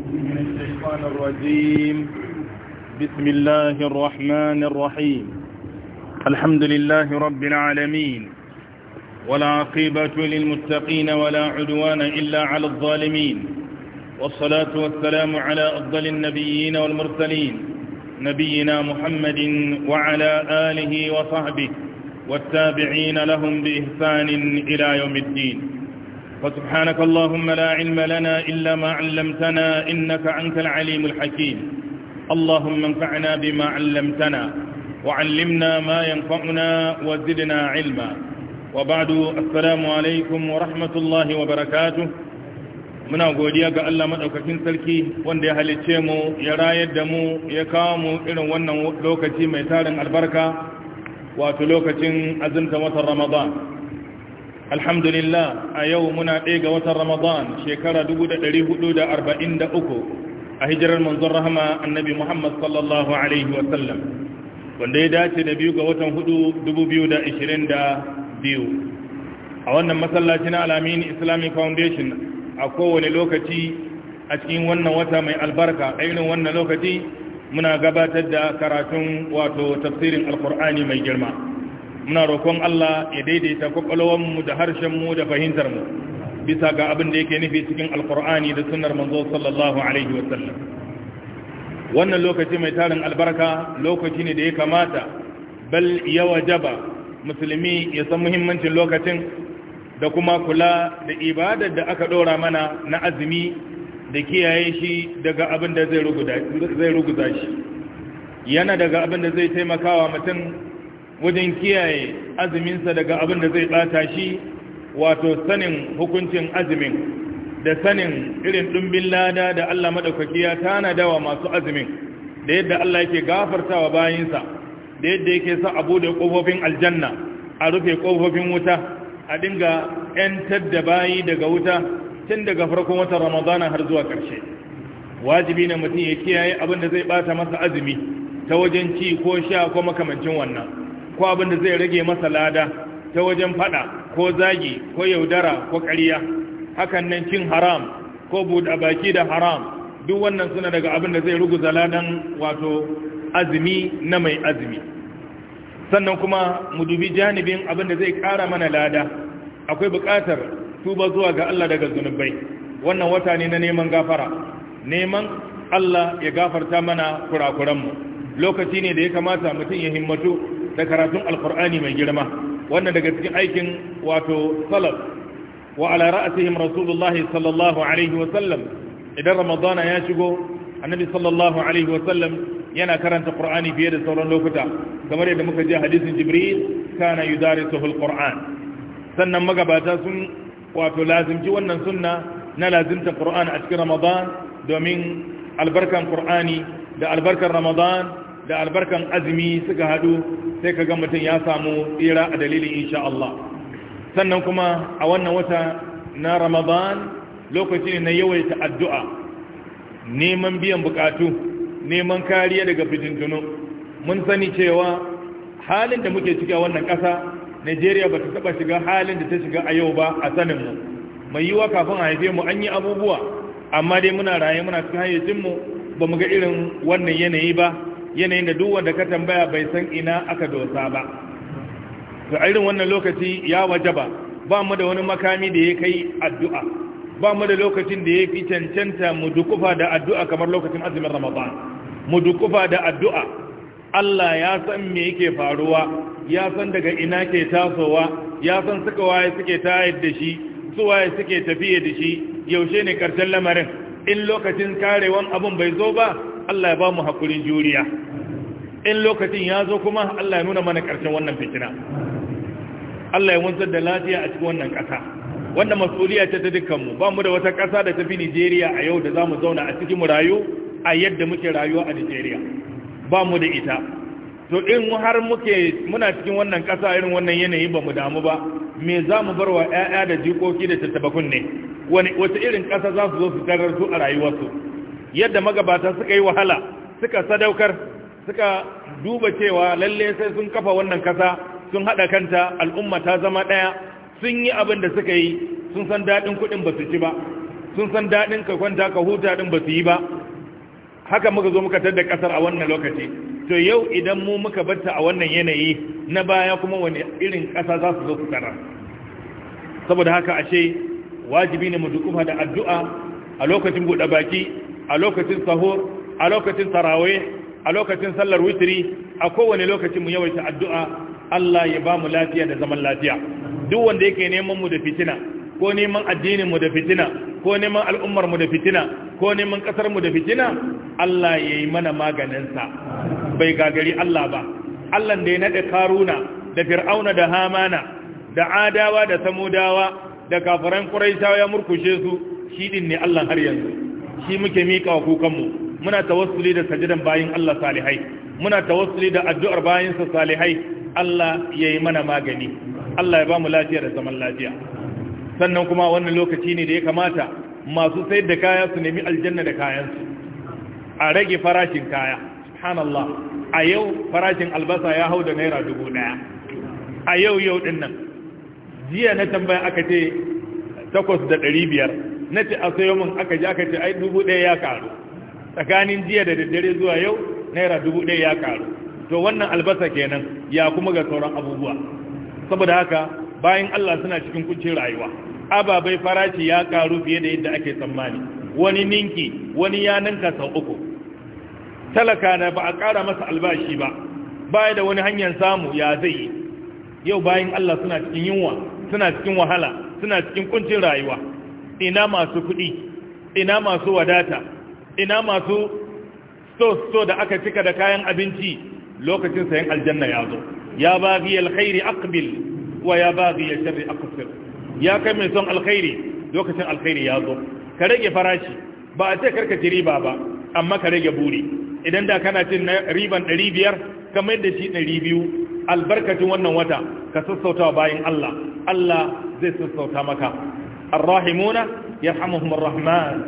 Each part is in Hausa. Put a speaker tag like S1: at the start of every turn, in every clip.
S1: الشيطان الرجيم بسم الله الرحمن الرحيم الحمد لله رب العالمين ولا عقيبة للمتقين ولا عدوان إلا على الظالمين والصلاة والسلام على أفضل النبيين والمرسلين نبينا محمد وعلى آله وصحبه والتابعين لهم بإحسان إلى يوم الدين فسبحانك اللهم لا علم لنا إلا ما علمتنا إنك أنت العليم الحكيم اللهم انفعنا بما علمتنا وعلمنا ما ينفعنا وزدنا علما وبعد السلام عليكم ورحمة الله وبركاته muna godiya ga Allah madaukakin sarki wanda ya halicce mu ya rayar da mu ya kawo mu irin wannan lokaci mai tarin albarka wato lokacin azimta watan Ramadan alhamdulillah a yau muna ɗaya ga watan ramadan shekara 443 a hijirar manzon rahama annabi muhammad sallallahu alaihi wasallam wanda ya dace da biyu ga watan 4,2022 a wannan masallaci na alamin islamic foundation a kowane lokaci a cikin wannan wata mai albarka a irin wannan lokaci muna gabatar da karatun wato tafsirin alkur'ani mai girma muna roƙon Allah ya daidaita mu da harshenmu da fahimtar mu. bisa ga abin da yake nufi cikin alkur'ani da sunar manzo sallallahu alaihi wasallam wannan lokaci mai tarin albarka lokaci ne da ya kamata bal ya wajaba musulmi ya san muhimmancin lokacin da kuma kula da ibadar da aka ɗora mana na azumi da kiyaye shi daga abin da zai ruguza shi yana daga abin da zai taimakawa mutum wajen kiyaye azuminsa daga abin da zai bata shi wato sanin hukuncin azumin da sanin irin ɗumbin lada da Allah madaukaki ya wa masu azumin da yadda Allah yake gafartawa bayinsa da yadda yake sa abu da kofofin aljanna a rufe kofofin wuta a dinga 'yantar da bayi daga wuta tun daga farkon watan ramadana har zuwa ƙarshe wajibi ne mutum ya kiyaye abin da zai bata masa azumi ta wajen ci ko sha ko makamancin wannan ko abin da zai rage masa lada ta wajen fada ko zagi ko yaudara ko ƙarya hakan nan cin haram ko buɗa baki da haram duk wannan suna daga abin da zai ruguza ladan wato azumi na mai azumi sannan kuma mu dubi janibin abin da zai ƙara mana lada akwai buƙatar tuba zuwa ga Allah daga zunubai wannan wata ne na neman gafara neman Allah ya gafarta mana kurakuranmu lokaci ne da ya kamata mutum ya himmatu da karatun alkur'ani mai girma wannan daga cikin aikin wato salaf wa ala ra'asihim rasulullahi sallallahu alaihi wa sallam idan ramadana ya shigo annabi sallallahu alaihi wa sallam yana karanta qur'ani fiye da sauran lokuta kamar yadda muka ji hadisin jibril kana yudarisuhu alquran sannan magabata sun wato lazimci wannan sunna na lazimta qur'an a cikin ramadan domin albarkan qur'ani da albarkan ramadan da albarkan azumi suka hadu sai ka ga mutum ya samu tsira a dalilin insha Allah sannan kuma a wannan wata na ramadan lokaci ne na yawaita addu'a neman biyan bukatu neman kariya daga fitintunu mun sani cewa halin da muke ciki a wannan ƙasa Najeriya ba ta taba shiga halin da ta shiga a yau ba a saninmu mai yiwa kafin a haife mu an yi abubuwa amma dai muna raye muna cikin hayyacinmu ba mu ga irin wannan yanayi ba yanayin da duk wanda ka tambaya bai san ina aka dosa ba to irin wannan lokaci ya wajaba ba mu da wani makami da ya kai addu'a ba mu da lokacin da ya fi cancanta mu dukufa da addu'a kamar lokacin azumin ramadan mu dukufa da addu'a Allah ya san me yake faruwa ya san daga ina ke tasowa ya san suka waye suke tayar da shi su waye suke tafiye da shi yaushe ne karshen lamarin in lokacin karewan abun bai zo ba Allah ya ba mu haƙurin juriya in lokacin ya zo kuma Allah ya nuna mana ƙarshen wannan fitina Allah ya wanzar da lafiya a cikin wannan ƙasa wanda masuliyar ta dukkanmu ba mu da wata ƙasa da ta fi Nijeriya a yau da za mu zauna a cikin mu rayu a yadda muke rayuwa a Nijeriya ba mu da ita to in har muke muna cikin wannan ƙasa irin wannan yanayi ba mu damu ba me za mu bar wa 'ya'ya da jikoki da tattabakun ne wani wata irin ƙasa za su zo su tarar su a rayuwarsu yadda magabata suka yi wahala suka sadaukar suka duba cewa lalle sai sun kafa wannan kasa sun hada kanta al'umma ta zama daya sun yi abin da suka yi sun san dadin kudin ba su ci ba sun san dadin ka kwanta ka huta din ba su yi ba haka muka zo muka tada kasar a wannan lokaci to yau idan mu muka batta a wannan yanayi na baya kuma wani irin kasa za su zo su saboda haka ashe wajibi ne mu dukufa da addu'a a lokacin buɗe baki a lokacin sahur a lokacin tarawih a lokacin sallar witiri, a kowane lokacin mu yawaita addu'a Allah ya ba mu lafiya da zaman lafiya duk wanda yake neman mu da fitina ko neman addinin mu da fitina ko neman al'ummar mu da fitina ko neman kasar mu da fitina Allah ya yi mana maganinsa bai gagari Allah ba Allah da ya nade karuna da fir'auna da hamana da adawa da samudawa da kafiran ƙuraishawa ya murkushe su shi din ne Allah har yanzu shi muke mika wa kukanmu muna tawassuli da sajidan bayin Allah salihai muna tawassuli da addu'ar bayinsa salihai Allah ya yi mana magani Allah ya ba mu lafiya da zaman lafiya sannan kuma wannan lokaci ne da ya kamata masu sayar da kaya su nemi aljanna da kayansu a rage farashin kaya subhanallah a yau farashin albasa ya hau da naira dubu daya a yau yau din nan jiya na tambaya aka ce takwas da ɗari biyar na ce a sayo min aka ji aka ce ai dubu ɗaya ya karu tsakanin jiya da daddare zuwa yau naira dubu ɗaya ya karu to wannan albasa kenan ya kuma ga sauran abubuwa saboda haka bayan Allah suna cikin kuncin rayuwa ababai farashi ya karu fiye da yadda ake tsammani wani ninki wani ya ninka sau uku talaka na ba a kara masa albashi ba baya da wani hanyar samu ya zai yi yau bayan Allah suna cikin yunwa suna cikin wahala suna cikin kuncin rayuwa ina masu kuɗi ina masu wadata ina masu so-so da aka cika da kayan abinci lokacin sayan aljanna ya zo ya ba baghi alkhairi aqbil wa ya ba baghi alsharri aqsir ya kai mai son alkhairi lokacin alkhairi ya zo ka rage farashi ba a ce karka ci riba ba amma ka rage buri idan da kana cin riban 500 kamar da shi 200 albarkacin wannan wata ka sassauta bayan Allah Allah zai sassauta maka الراحمون يرحمهم الرحمن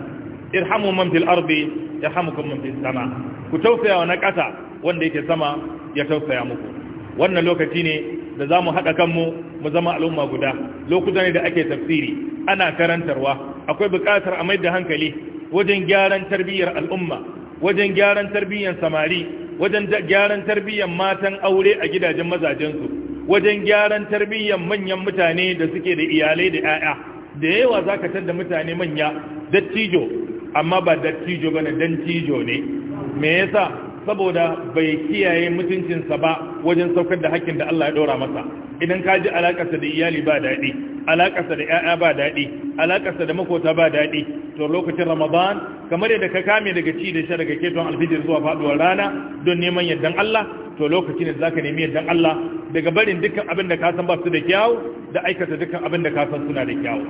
S1: irhamu man fil ardi yarhamukum man fis sama ku tausaya wa na ƙasa wanda yake sama ya tausaya muku wannan lokaci ne da zamu haɗa kanmu mu zama al'umma guda lokuta ne da ake tafsiri ana karantarwa akwai buƙatar a mai da hankali wajen gyaran tarbiyyar al'umma wajen gyaran tarbiyyar samari wajen gyaran tarbiyyar matan aure a gidajen mazajensu wajen gyaran tarbiyyar manyan mutane da suke da iyalai da 'ya'ya da yawa za ka da mutane manya dattijo amma ba dattijo ba na dantijo ne me yasa saboda bai kiyaye mutuncinsa ba wajen saukar da hakkin da Allah ya ɗora masa idan ka ji alakarsa da iyali ba daɗi alakarsa da 'ya'ya ba daɗi alakarsa da makota ba daɗi to lokacin ramadan kamar yadda ka kame daga ci da sha daga keton alfijir zuwa faɗuwar rana don neman yardan Allah to lokacin za zaka nemi yardan Allah daga barin dukkan abin da ka san ba su da kyau da aikata dukkan abin da ka san suna da kyau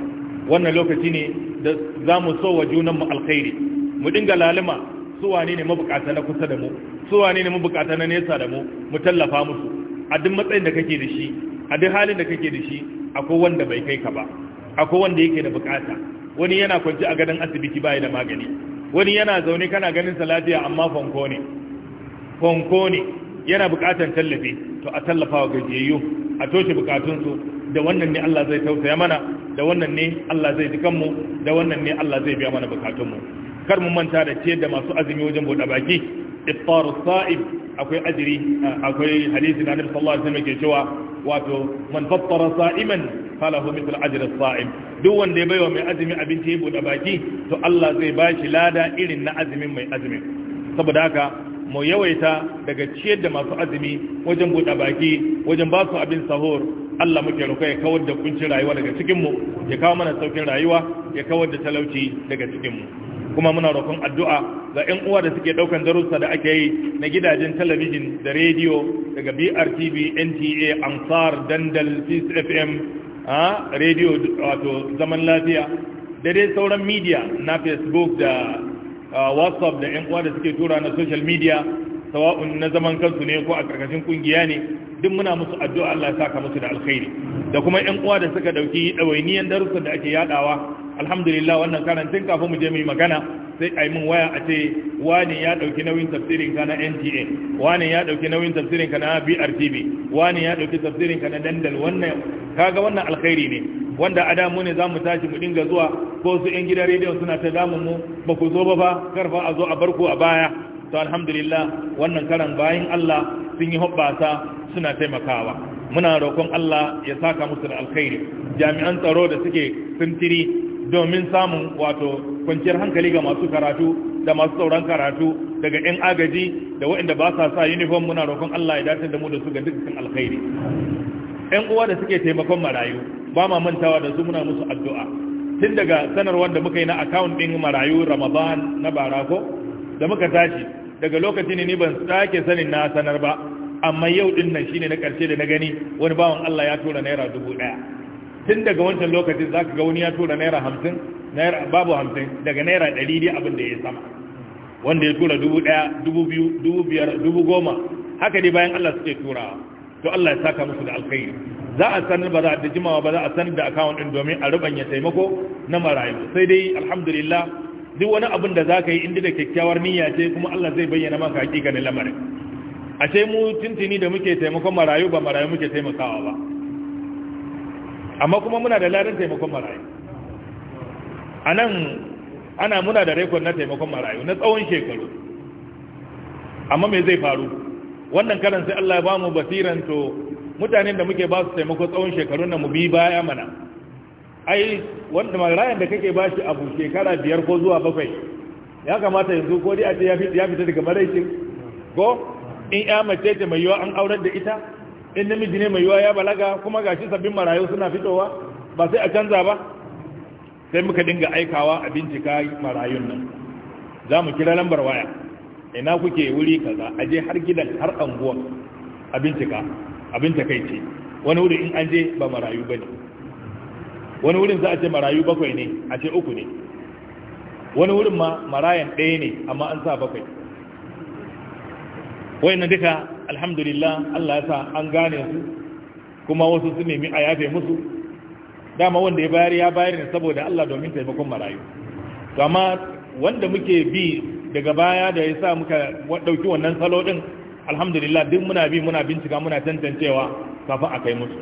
S1: wannan lokaci ne da za mu so wa junanmu alkhairi mu dinga lalima su wane ne mabukata na kusa da mu su wane ne mabukata na nesa da mu mu tallafa musu a duk matsayin da kake da shi a duk halin da kake da shi akwai wanda bai kai ka ba akwai wanda yake da bukata wani yana kwanci a gadon asibiti bai da magani wani yana zaune kana ganin sa lafiya amma fonko ne fonko ne yana bukatan tallafi to a tallafa wa gajiyayyu a toshe bukatunsu da wannan ne Allah zai tausaya mana da wannan ne Allah zai ji kanmu da wannan ne Allah zai biya mana bukatunmu kar mu manta da ciyar da masu azumi wajen buɗe baki iftaru sa'ib akwai ajiri akwai hadisi na annabi sallallahu alaihi wasallam ke cewa wato man fattara sa'iman falahu mithlu ajri saim duk wanda ya baiwa mai azumi abinci ya buɗe baki to Allah zai bashi lada irin na azumin mai azumi saboda haka mu yawaita daga ciyar da masu azumi wajen buɗe baki wajen ba su abin sahur Allah muke roƙa ya kawar da kuncin rayuwa daga cikinmu ya kawo mana saukin rayuwa ya kawar da talauci daga cikinmu kuma muna roƙon addu'a ga 'yan uwa da suke ɗaukan darussa da ake yi na gidajen talabijin da rediyo daga brtv nta ansar dandal fm rediyo wato zaman lafiya da dai sauran media na facebook da whatsapp da 'yan uwa da suke tura na social media sawa'un na zaman kansu ne ko a ƙarƙashin ƙungiya ne duk muna musu addu'a Allah ya saka musu da alkhairi da kuma 'yan uwa da suka ɗauki ɗawainiyar darussa da ake yadawa alhamdulillah wannan karantin kafin mu je mu yi magana sai a yi min waya a ce wani ya ɗauki nauyin tafsirin ka na nta wani ya ɗauki nauyin tafsirin ka na brtv wani ya ɗauki tafsirin ka na dandal wannan kaga wannan alkhairi ne wanda a damu ne za mu tashi mu dinga zuwa ko su yan gidan rediyon suna ta damun mu ba ku zo ba fa karfa a zo a barko a baya to alhamdulillah wannan karan bayan allah sun yi hoɓɓasa suna taimakawa muna roƙon allah ya saka musu da alkhairi jami'an tsaro da suke sintiri domin samun wato kwanciyar hankali ga masu karatu da masu sauran karatu daga 'yan agaji da waɗanda ba sa sa uniform muna roƙon Allah ya dace da mu da su ga dukkan alkhairi 'yan uwa da suke taimakon marayu ba ma mantawa da su muna musu addu'a tun daga sanarwar da muka yi na account ɗin marayu Ramadan na Barako da muka tashi daga lokacin ne ni ban sake sanin na sanar ba amma yau din nan shine na karshe da na gani wani bawan Allah ya tura naira dubu ɗaya tun daga wancan lokacin za ka ga wani ya tura naira hamsin babu hamsin daga naira ɗari ne abin da ya sama wanda ya tura dubu ɗaya dubu biyu dubu biyar dubu goma haka dai bayan allah suke turawa to allah ya saka musu da alkhairi za a sanar ba za a jimawa ba za a sanar da akawun ɗin domin a rubanya taimako na marayu sai dai alhamdulillah duk wani abin da za ka yi inda da kyakkyawar niyya ce kuma allah zai bayyana maka hakikanin lamarin ashe mu tuntuni da muke taimakon marayu ba marayu muke taimakawa ba amma kuma muna da larin taimakon marayu a nan ana muna da rekod na taimakon marayu na tsawon shekaru amma me zai faru wannan karan sai Allah ya ba mu basiran to mutanen da muke ba su taimako tsawon shekarun na mu bi baya mana ai wanda marayan da kake ba shi abu shekara biyar ko zuwa bakwai ya kamata yanzu ko dai a ce ya fita daga maraicin ko in ya mace ta mai yiwa an aurar da ita in namiji ne mai yiwa ya balaga kuma gashi sabbin marayu suna fitowa ba sai a canza ba sai muka dinga aikawa a bincika marayun nan za mu kira lambar waya ina kuke wuri kaza a je har gidan har anguwa a bincika abin ce wani wuri in an je ba marayu ba ne wani wurin za a ce marayu bakwai ne a ce uku ne wani wurin ma marayan ɗaya ne amma an sa bakwai wayannan duka alhamdulillah Allah ya sa an gane su kuma wasu su nemi a yafe musu dama wanda ya bayar ya bayar ne saboda Allah domin taimakon marayu to amma wanda muke bi daga baya da ya sa muka ɗauki wannan salo ɗin alhamdulillah duk muna bi muna bincika muna tantancewa kafin a kai musu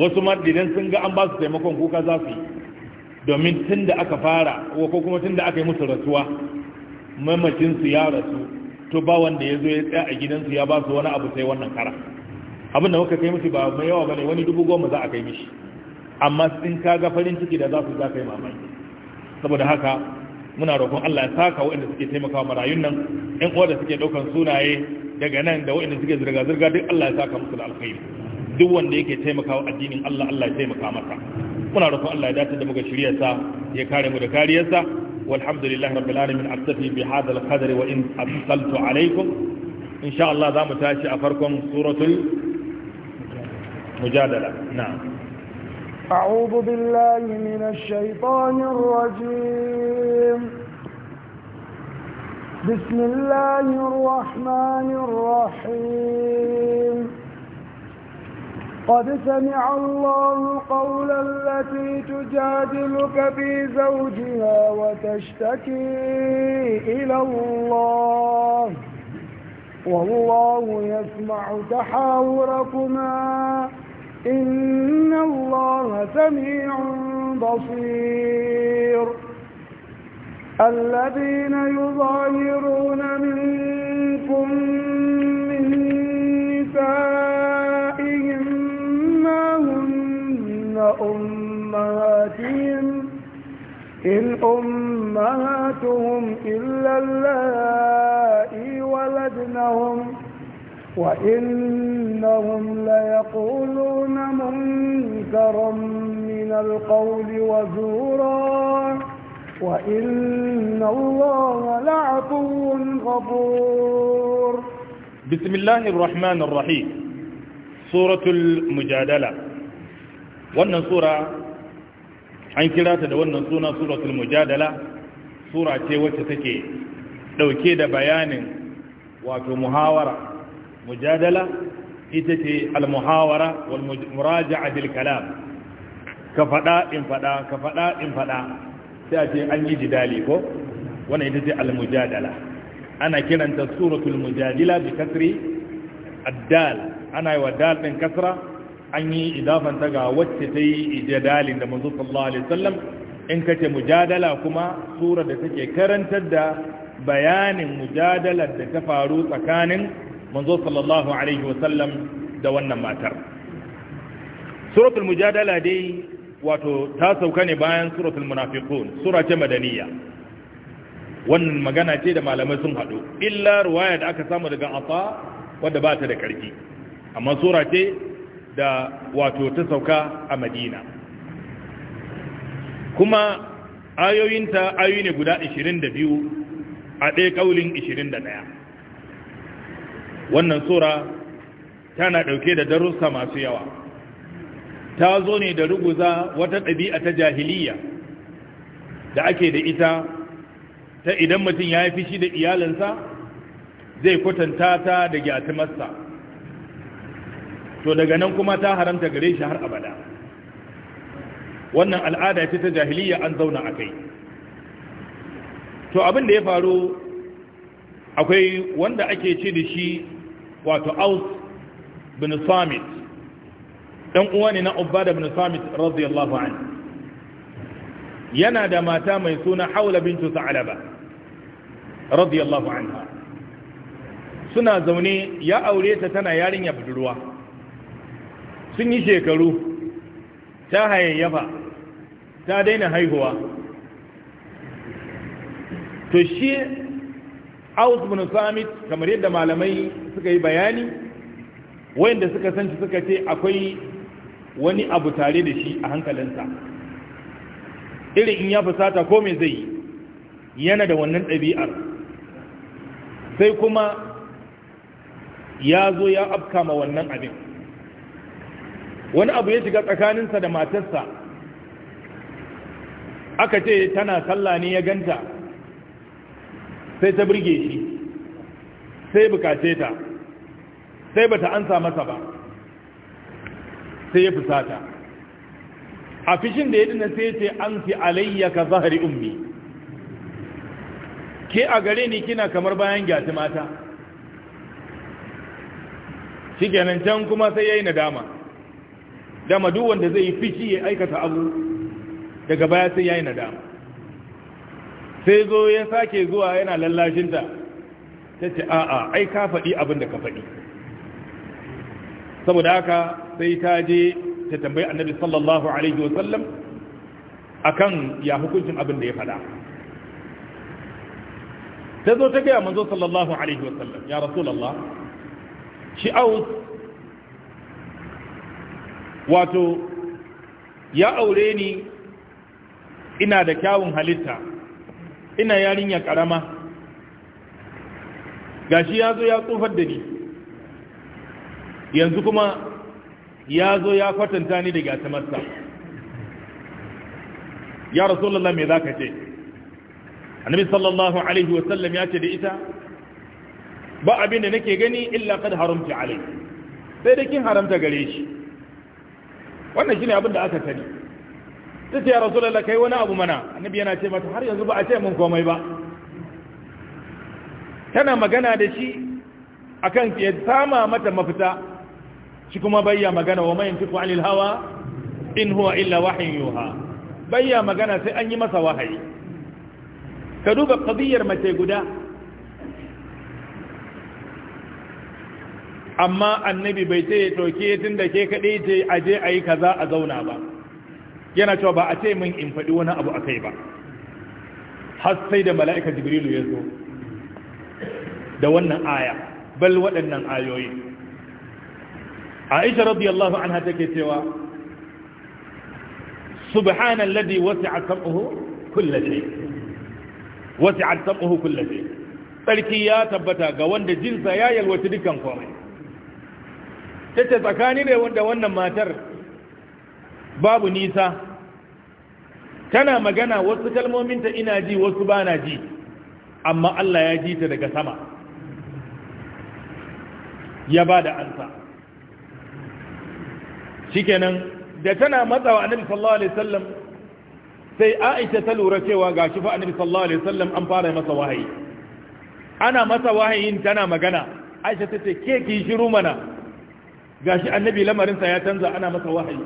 S1: wasu madidan sun ga an ba su taimakon kuka za su yi domin tun da aka fara ko kuma tun da aka yi musu rasuwa mamacinsu ya rasu to ba wanda ya zo ya tsaya a gidansu ya ba su wani abu sai wannan kara abin da muka kai mishi ba mai yawa bane wani dubu goma za a kai mishi amma sun ka ga farin ciki da za su za kai mamaki saboda haka muna roƙon Allah ya saka waɗanda suke taimakawa marayun nan ɗan uwa da suke ɗaukan sunaye daga nan da waɗanda suke zirga-zirga duk Allah ya saka musu da alkhairi duk wanda yake taimakawa addinin Allah Allah ya taimaka masa muna roƙon Allah ya dace da muka shiryarsa ya kare mu da kariyarsa والحمد لله رب العالمين أكتفي بهذا القدر وإن أثقلت عليكم إن شاء الله ذا متاشي أفركم سورة المجادلة نعم
S2: أعوذ بالله من الشيطان الرجيم بسم الله الرحمن الرحيم قد سمع الله قول التي تجادلك في زوجها وتشتكي إلى الله والله يسمع تحاوركما إن الله سميع بصير الذين يظاهرون منكم من نسائهم أمهاتهم إن أمهاتهم إلا اللائي ولدنهم وإنهم ليقولون منكرا من القول وزورا وإن الله لعفو
S1: غفور بسم الله الرحمن الرحيم سورة المجادلة wannan sura an kira ta da wannan suna suratul mujadala sura ce wacce take dauke da bayanin wato muhawara mujadala ita ce al-muhawara wal muraja'a bil kalam ka fada in fada ka fada in fada sai a ce an yi jidali ko wannan ita ce al-mujadala ana kiranta suratul mujadila bi kasri ad-dal ana yi wa dal din kasra an yi idafan ta ga wacce ta yi ijadalin da manzo sallallahu alaihi wasallam in kace mujadala kuma sura da take karantar da bayanin mujadalar da ta faru tsakanin manzo sallallahu alaihi wasallam da wannan matar suratul mujadala dai wato ta sauka ne bayan suratul munafiqun sura ce madaniya wannan magana ce da malamai sun hadu illa ruwaya da aka samu daga afa wadda ba ta da karfi amma sura ce da wato ta sauka a madina kuma ayoyinta ayoyi ne guda 22 a ɗaya ƙaulin 21 wannan sura tana ɗauke da darussa masu yawa ta zo ne da ruguza wata ɗabi'a ta jahiliya da ake da ita ta idan mutum ya yi fishi da iyalinsa zai kwatanta ta da gyatumarsa to daga nan kuma ta haramta gare shi har abada wannan al'ada ce ta jahiliya an zauna a kai to abin da ya faru akwai wanda ake ce da shi wato aus bin samit ɗan uwa ne na ubada bin samit radiyallahu an yana da mata mai suna haula bintu sa'alaba radiyallahu anha suna zaune ya aure ta tana yarinya budurwa sun yi shekaru ta hayayyafa ta daina haihuwa to shi aus bin samit kamar yadda malamai suka yi bayani wayanda suka san shi suka ce akwai wani abu tare da shi a hankalinsa irin in ya fusata ko me zai yana da wannan ɗabi'ar sai kuma ya zo ya afkama wannan abin wani abu ya shiga tsakaninsa da matarsa aka ce tana sallah ne ya ganta sai ta birge shi sai bukace ta sai bata ansa masa ba sai ya fusata a fishin da ya dina sai ce an fi alayya ka zahari ummi ke a gare ni kina kamar bayan gyati mata shi kenan can kuma sai ya yi nadama dama duk wanda zai yi fici ya aikata abu daga baya sai ya yi nadama sai zo ya sake zuwa yana lallashinta ta ce a'a ai ka faɗi abin da ka faɗi saboda haka sai ta je ta tambayi annabi sallallahu alaihi wasallam akan ya hukuncin abin da ya faɗa ta zo ta gaya manzo sallallahu alaihi wasallam ya rasulallah shi aus wato ya aure ni ina da kyawun halitta ina yarinya karama gashi ya zo ya tsofar da ni yanzu kuma ya zo ya kwatanta ni da gatamarsa ya rasulallah me za ka ce annabi sallallahu alaihi wasallam ya ce da ita ba abin da nake gani illa kad haramta alai sai da kin haramta gare shi wannan shine abin da aka sani ta ce ya rasulallah kai wani abu mana annabi yana ce mata har yanzu ba a ce mun komai ba tana magana da shi akan ya sama mata mafita shi kuma bayya magana wa mayin fiku anil hawa in huwa illa wahayin yuha bayya magana sai an yi masa wahayi ka duba qadiyar mace guda amma annabi bai ce ya ɗauke tun da ke kaɗai ce a je a yi kaza a zauna ba yana cewa ba a ce min in faɗi wani abu a kai ba har sai da mala'ika jibrilu ya zo da wannan aya bal waɗannan ayoyi aisha an anha ke cewa subhanan ladi wasi'a sam'uhu kulla shay wasi'a sam'uhu kulla shay sarki ya tabbata ga wanda jinsa ya yalwaci dukkan komai ta ce tsakani ne wanda wannan matar babu nisa tana magana wasu kalmominta ina ji wasu ba na ji amma Allah ya ji ta daga sama ya ba da ansa shikenan da tana matsawa annabi sallallahu alaihi wasallam sai Aisha ta lura cewa gashi fa annabi sallallahu alaihi wasallam an fara masa wahayi ana masa wahayin tana magana Aisha ta ce ke ki shiru mana gashi annabi lamarinsa ya canza ana masa wahayi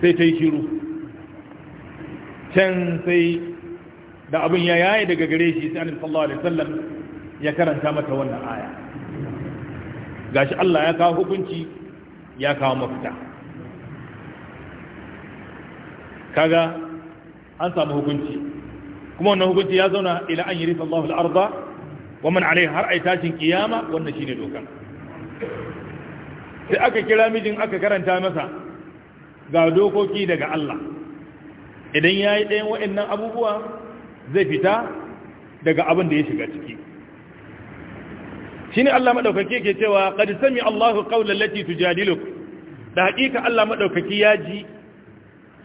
S1: sai ta yi shiru can sai da abin ya yaye daga gare shi sai annabi sallallahu alaihi wasallam ya karanta mata wannan aya gashi Allah ya kawo hukunci ya kawo mafita kaga an samu hukunci kuma wannan hukunci ya zauna ila an yi rifa Allahu al-arda wa man alaiha har ai tashin kiyama wannan shine dokan sai aka kira mijin aka karanta masa ga dokoki daga Allah idan ya yi ɗayan wa’in abubuwa zai fita daga abin da ya shiga ciki ne Allah maɗaukaki ke cewa ƙadi sami Allahu qawlan lati da haƙiƙa Allah maɗaukaki ya ji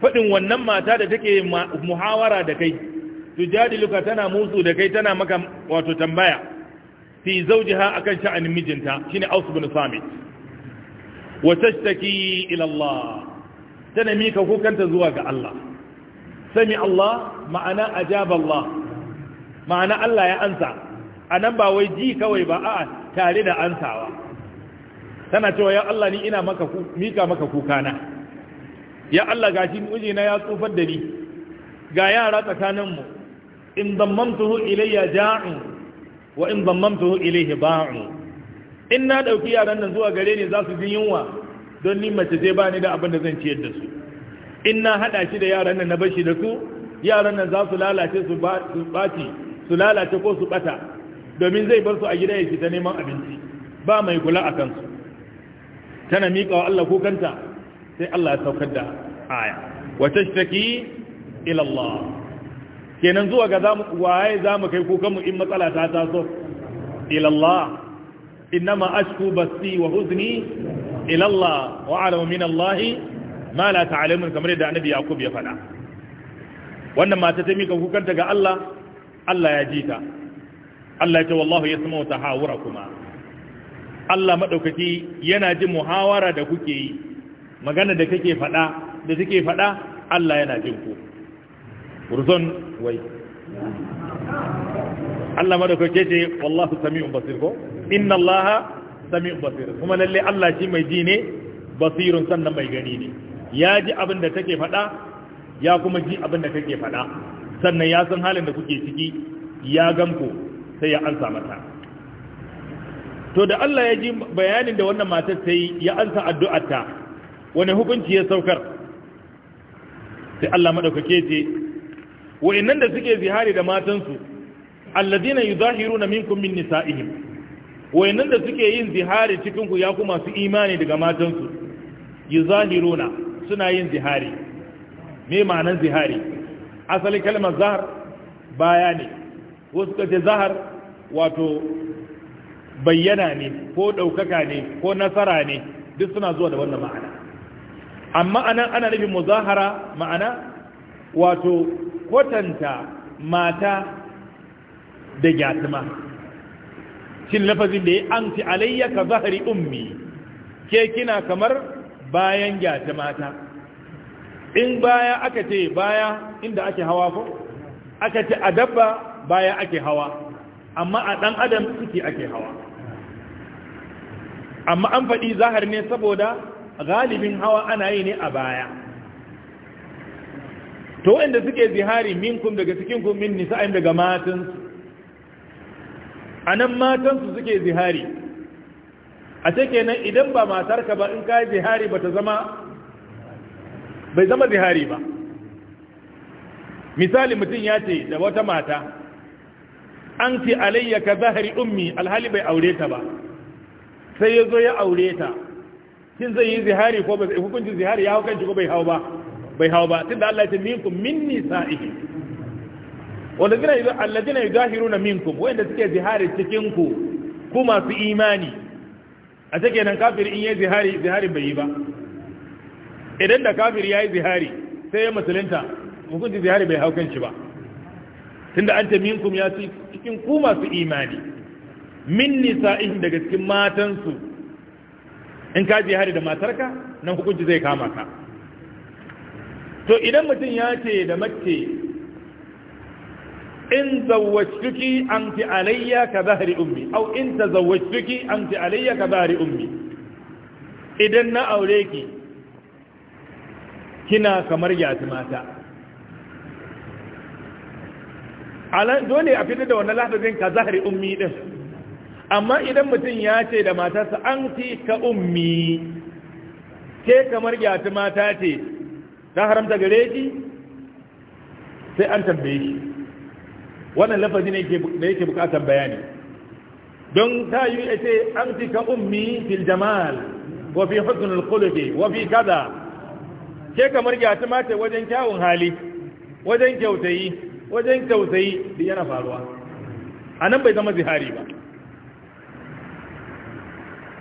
S1: faɗin wannan mata da take muhawara da kai tujadiluka tana musu da kai tana maka wato tambaya fi a kan sha'anin mijinta shine ausu bin Samit wa tashtaki ila Allah tana mika kukanta zuwa ga Allah sami Allah ma'ana ajaba ma'ana Allah ya ansa anan ba wai ji kawai ba a'a tare da ansawa tana cewa ya Allah ni ina mika maka kukana ya Allah gashi mijina ya tsufar da ni ga yara tsakaninmu in dammamtuhu ilayya ja'un wa in in na ɗauki yaran nan zuwa gare ni za su jin yunwa don ni mace ce ba ni da abin da zan ciyar da su in na haɗa shi da yaran nan na bashi da su yaran nan za su lalace su ɓaci su lalace ko su ɓata domin zai bar su a gida ya fita neman abinci ba mai kula a kansu tana miƙa wa Allah kukanta sai Allah ya saukar da aya wata shi ila Allah kenan zuwa ga waye za mu kai kukanmu in matsala ta taso ila Allah innama ashku basi wa huzni ila Allah wa a'lamu min Allah ma la da annabi yakub ya fada wannan mata ta mika kukanta ga Allah Allah ya ji ta Allah ya ce wallahi yasma'u tahawurakum Allah madaukaki yana ji muhawara da kuke yi magana da kake fada Allah yana jin ku urzon wai Allah madaukake ce wallahi samiu basir inna allaha sami basir kuma lalle Allah shi mai ji ne basirun sannan mai gani ne ya ji abin da take faɗa ya kuma ji abin da take faɗa sannan ya san halin da kuke ciki ya gamko sai ya ansa mata to da Allah ya ji bayanin da wannan matar sai ya ansa addu'arta wani hukunci ya saukar sai Allah madaukake ce wa'annan da suke zihari da matansu alladina yuzahiruna minkum min nisa'ihim wayannan da suke yin zihari cikin ku ya ku masu imani daga matansu yuzahiruna suna yin zihari me ma'anar zihari asalin kalmar zahar baya ne wasu kace zahar wato bayyana ne ko ɗaukaka ne ko nasara ne duk suna zuwa da wannan ma'ana amma anan ana nufin muzahara ma'ana wato kwatanta mata da gyatuma Cin lafazin da ya anti alayya ka zahari ummi ke kina kamar bayan gyata mata in baya aka ce baya inda ake hawa ko aka ce a dabba baya ake hawa amma a ɗan adam suke ake hawa amma an faɗi zahar ne saboda galibin hawa ana yi ne a baya to inda suke zihari minkum daga cikinku min nisa'in daga matansu a nan matansu suke zihari a kenan idan ba matarka ba in ka yi zihari ba ta zama bai zama zihari ba misali mutum ya ce da wata mata an ce alayya ka zahari ummi alhali bai aure ta ba sai ya zo ya aure ta kin zai yi zihari ko ba zai hukuncin zihari ya hau ko bai hau ba bai hau ba tunda Allah ya ce minkum min sa'ihi wallazina na minkum wanda suke zihari cikin ku ku masu imani a take nan kafiri in yayi zihari zihari bai yi ba idan da kafiri yayi zihari sai ya musulunta hukunci zihari bai haukan shi ba tunda an ta minkum ya ci cikin ku masu imani min nisa'ihim daga cikin matansu in ka zihari da matarka nan hukunci zai kama ka to idan mutum ya ce da mace in zawwajtuki amti alayya ka bahri ummi aw in tazawwajtuki amti alayya ka bahri ummi idan na aure ki kina kamar yati mata ala dole a fitar da wannan lafazin ka zahri ummi din amma idan mutum ya ce da matarsa anti ka ummi ke kamar yati mata ce ta haramta gare ki sai an tambaye shi wannan lafazi ne da yake bukatar bayani don ta yi a ce an fi ka ummi fil jamal wa fi husnul qulubi wa fi kaza ke kamar ya ta mace wajen kyawun hali wajen kyautayi wajen kyautayi da yana faruwa a nan bai zama zihari ba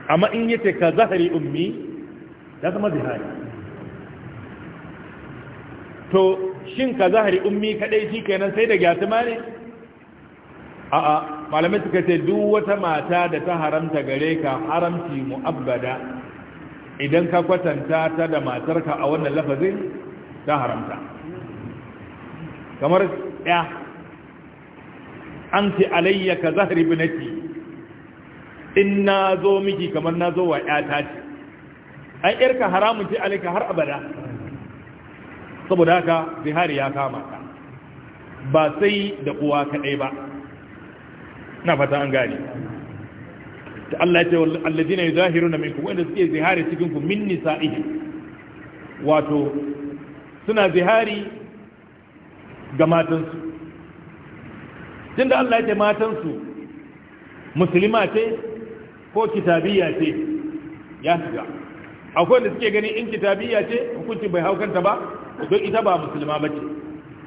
S1: amma in yace ka zahari ummi ya zama zihari to shin ka zahari ummi kadai shi kenan sai da gyatuma ne a'a malamai suka ce duk wata mata da ta haramta gare ka haramci mu'abbada idan ka kwatanta ta da matarka a wannan lafazin ta haramta kamar ya an ce alayya ka zahri binaki in na zo miki kamar na zo wa ƴata ce ai irka haramun ce Alayka har abada saboda haka zihari ya kama ka ba sai da uwa kaɗai ba na fata an gane ta Allah ya ce alladina yuzahiruna minkum wanda suke zihari cikin ku min nisa'i wato suna zihari ga matansu tunda Allah ya ce matansu musulma ce ko kitabiyya ce ya shiga akwai da suke gani in kitabiyya ce hukunci bai haukanta ba don ita ba musulma bace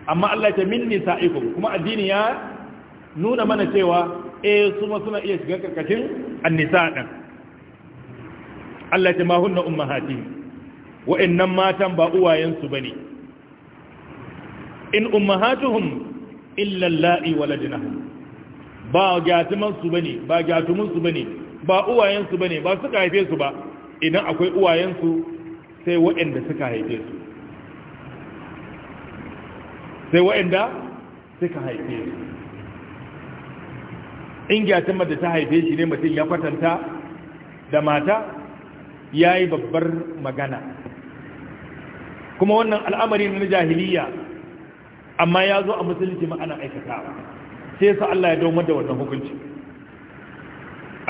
S1: amma Allah ce min nisa'ikum kuma addini ya nuna mana cewa eh su ma suna iya shiga karkashin annisa din Allah ta hati, ummahati nan matan ba uwayensu bane in ummahatuhum illa la'i waladnahum ba gatuman su bane ba gatumun su bane ba uwayen su bane ba suka haife su ba idan akwai uwayen su sai wa'anda suka haife su sai wa'anda suka haife su in gyatumar da ta haife shi ne mutum ya kwatanta da mata ya yi babbar magana kuma wannan al'amari na jahiliya amma ya zo a musulunci ma'ana aikatawa sai sa Allah ya dauma da wannan hukunci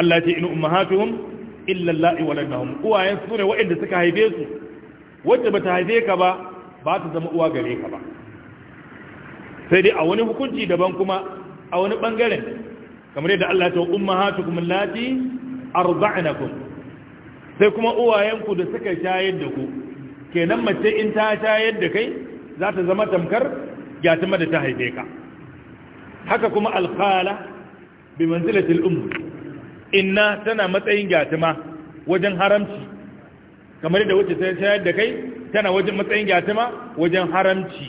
S1: Allah ce inu ummahatuhum illa la'i waladnahum uwayen su ne waɗanda suka haife su wacce bata haife ka ba ba ta zama uwa gare ka ba sai dai a wani hukunci daban kuma a wani bangaren kamar yadda Allah ya ce ummahatukum lati arda'nakum sai kuma uwayenku da suka shayar da ku kenan mace in ta shayar da kai za ta zama tamkar yatima da ta haife ka haka kuma alqala bi manzilati al-umm inna tana matsayin yatima wajen haramci kamar yadda wacce ta shayar da kai tana wajen matsayin yatima wajen haramci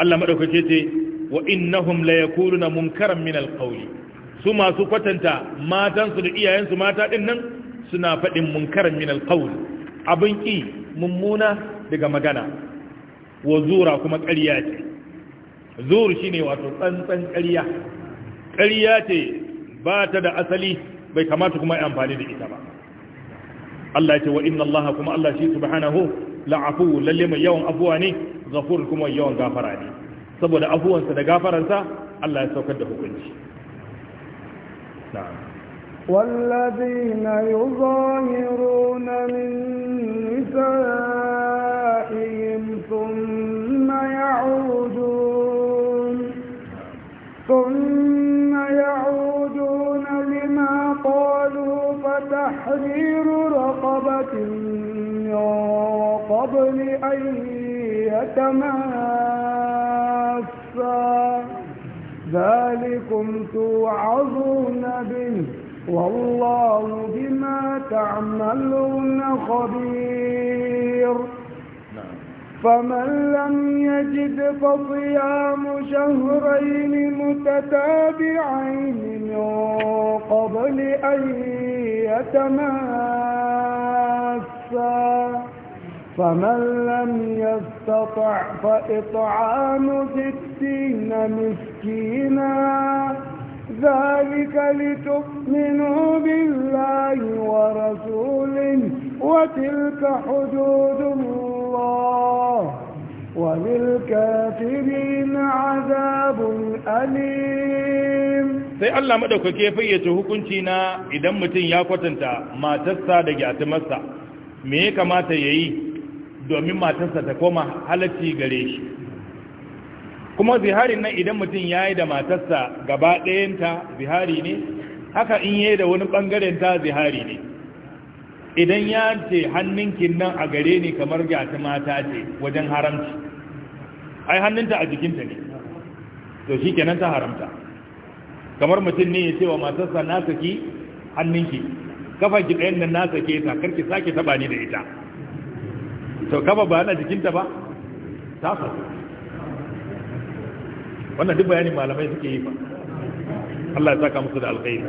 S1: Allah madaukake ce wa innahum la yakuluna munkaran min alqawli su masu kwatanta matansu da iyayensu mata din nan suna faɗin munkaran min alqawl abin ki mummuna daga magana wa zura kuma ƙarya ce zur shine wato tsantsan ƙarya ƙarya ce ba ta da asali bai kamata kuma yi amfani da ita ba Allah ce wa inna Allah kuma Allah shi subhanahu la'afu lalle mai yawan abuwa ne ghafur kuma yawan gafara ne saboda afuwansa da gafaransa Allah ya saukar da hukunci
S2: والذين يظاهرون من نسائهم ثم يعودون ثم يعودون لما قالوا فتحرير رقبة من قبل أن يتمام ذلكم توعظون به والله بما تعملون خبير فمن لم يجد فصيام شهرين متتابعين من قبل أن يتماسا فمن لم يستطع فإطعام ستين مسكينا ذلك لتؤمنوا بالله ورسوله وتلك حدود الله وللكافرين عذاب أليم
S1: sai Allah madaukake fayyace hukunci na idan mutum ya kwatanta matarsa da gyatumarsa me ya kamata yayi domin matarsa ta koma halatti gare shi kuma ziharin nan idan mutum ya yi da matarsa gaba ɗayanta zihari ne haka in yi da wani ɓangaren ta zihari ne idan ya ce hannunkin nan a gare ni kamar gata mata ce wajen haramci ai hannunta a jikinta ne to shi kenan ta haramta kamar mutum ne ya ce wa matarsa na saki hannunki kafa ki ɗayan nan na sake ta karki sake taɓa ni da ita to ba bayana jikinta ba ta faru wannan duk bayanin malamai suke yi ba Allah ya saka musu da alkhairi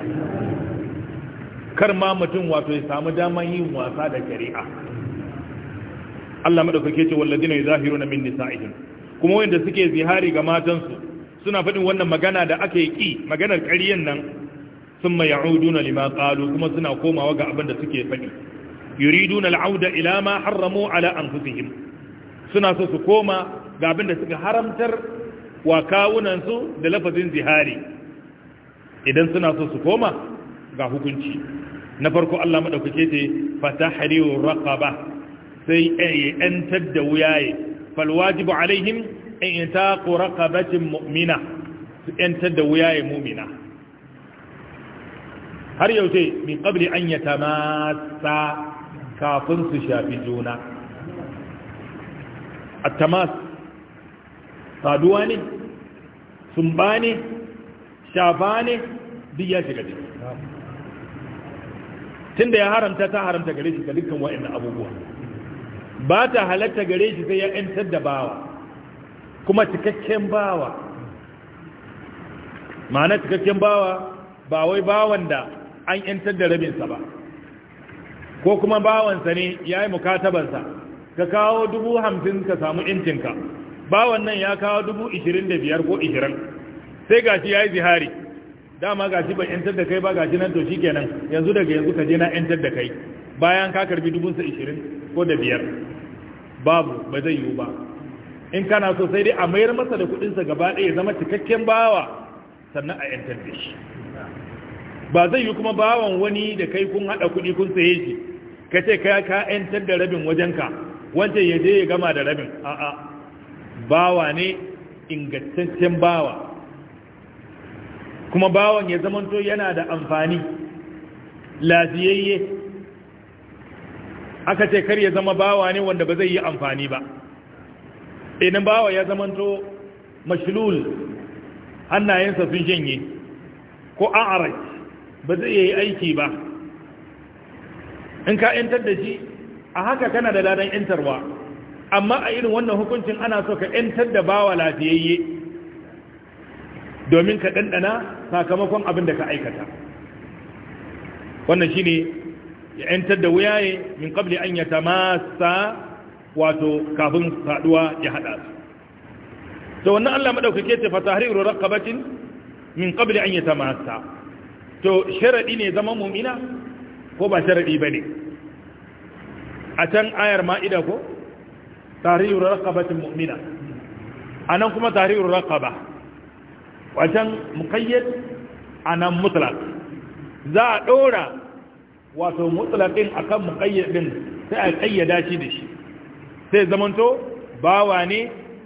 S1: kar ma mutum wato ya samu daman yin wasa da shari'a Allah madaukake ce walladina yuzahiruna min nisa'ihim kuma wanda suke zihari ga matansu suna faɗin wannan magana da ake yi ki maganar ƙaryen nan sun mai ya'uduna lima qalu kuma suna komawa ga abin da suke faɗi yuriduna al'auda ila ma harramu ala anfusihim suna so su koma ga abin da suka haramtar wa kawunan su da lafazin zihari idan suna so su koma ga hukunci na farko Allah madaukake ce fatahriru raqaba sai ayyantar da wuyaye fal wajibu alaihim in taqu raqabatin mu'mina yantar da wuyaye mu'mina har yaushe min qabli an yatamassa kafin su shafi juna attamas saduwa ne sumba ne shafa ne duk ya shiga ciki tun da ya haramta ta haramta gare shi ga dukkan wa'in abubuwa ba ta halatta gare shi sai ya 'yantar da bawa kuma cikakken bawa ma'ana cikakken bawa ba wai bawan da an 'yantar da rabinsa ba ko kuma bawansa ne ya yi mukatabansa ka kawo dubu hamsin ka samu incinka bawan nan ya kawo dubu ishirin da biyar ko ishirin sai gashi ya yi zihari dama gashi ban yantar da kai ba gashi nan to shi kenan yanzu daga yanzu ka je na yantar da kai bayan ka karbi dubunsa ishirin ko da biyar babu ba zai yiwu ba in kana so sai dai a mayar masa da kudinsa gaba ɗaya zama cikakken bawa sannan a yantar da shi ba zai yi kuma bawan wani da kai kun haɗa kuɗi kun saye shi ka ce ka ka yantar da rabin wajenka wanda ya je ya gama da rabin a'a bawa ne ingantaccen bawa kuma bawan ya zamanto yana da amfani lafiyayye aka ce kar ya zama bawa ne wanda ba zai yi amfani ba idan bawa ya zamanto mashlul hannayensa sun shanye. ko a'arai ba zai yi aiki ba in ka yantar da shi a haka kana da ladan yantarwa amma a irin wannan hukuncin ana so ka yantar da bawa lafiyayye domin ka ɗanɗana sakamakon abin da ka aikata wannan shi ne ya yantar da wuyaye min ƙabli an ya wato kafin saduwa ya haɗa su to wannan Allah madaukake ta fatahriru raqabatin min qabli an yatamassa to sharadi ne zaman mu'mina ko ba sharadi bane a can ayar ma'ida ko tahriru raqabatin mu'mina anan kuma tahriru raqaba a can muqayyad anan mutlaq za a dora wato mutlaqin akan muqayyadin sai a kayyada shi da shi sai zamanto bawa ne